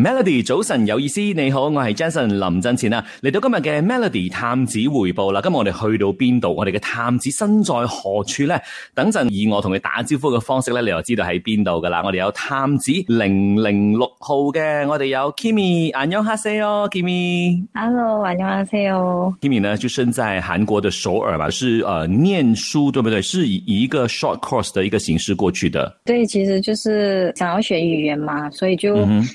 Melody，早晨有意思，你好，我係 Jason 林振前啊，嚟到今日嘅 Melody 探子回報啦。今日我哋去到邊度？我哋嘅探子身在何處咧？等陣以我同佢打招呼嘅方式咧，你又知道喺邊度噶啦？我哋有探子零零六號嘅，我哋有 Kimmy 안녕하세요 ，Kimmy，Hello， 안녕하세요 ，Kimmy 呢就身在韓國嘅首爾吧，是誒、呃、念書，對不對？是以一個 short course 的一個形式過去的。對，其實就是想要學語言嘛，所以就。Mm -hmm.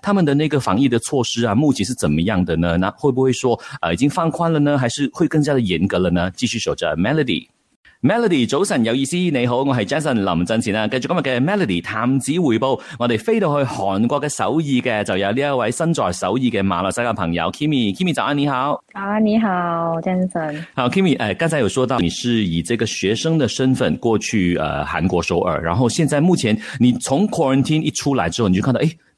他們的那個防疫的措施啊，目前是怎麼樣的呢？那會不會說呃已經放寬了呢？還是會更加的嚴格了呢？繼續守着 Melody，Melody，Melody，早晨有意思，你好，我係 Jason 林振前啊。繼續今日嘅 Melody 探子回報，我哋飛到去韓國嘅首爾嘅，就有呢一位身在首爾嘅馬來西亞朋友 Kimmy，Kimmy，早安，你好，早安，你好，Jason，好，Kimmy，誒、呃，剛才有說到你是以這個學生的身份過去呃韓國首爾，然後現在目前你從 quarantine 一出來之後，你就看到誒。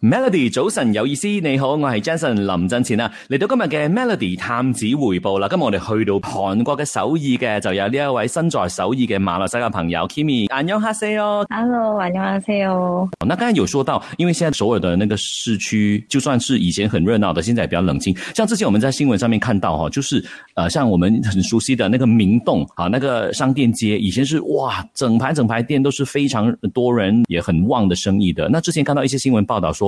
Melody 早晨有意思，你好，我係 Jason 林振前啊，嚟到今日嘅 Melody 探子回報啦。今日我哋去到韓國的首爾的就有呢一位身在首爾嘅馬來西亞朋友 Kimi。안녕하세요 ，Hello， 안녕하세요。那剛才有說到，因為現在所有的那個市區，就算是以前很熱鬧的，現在也比較冷清。像之前我們在新聞上面看到，哈，就是，呃，像我們很熟悉的那個明洞啊，那個商店街，以前是哇，整排整排店都是非常多人，也很旺的生意的。那之前看到一些新聞報道說。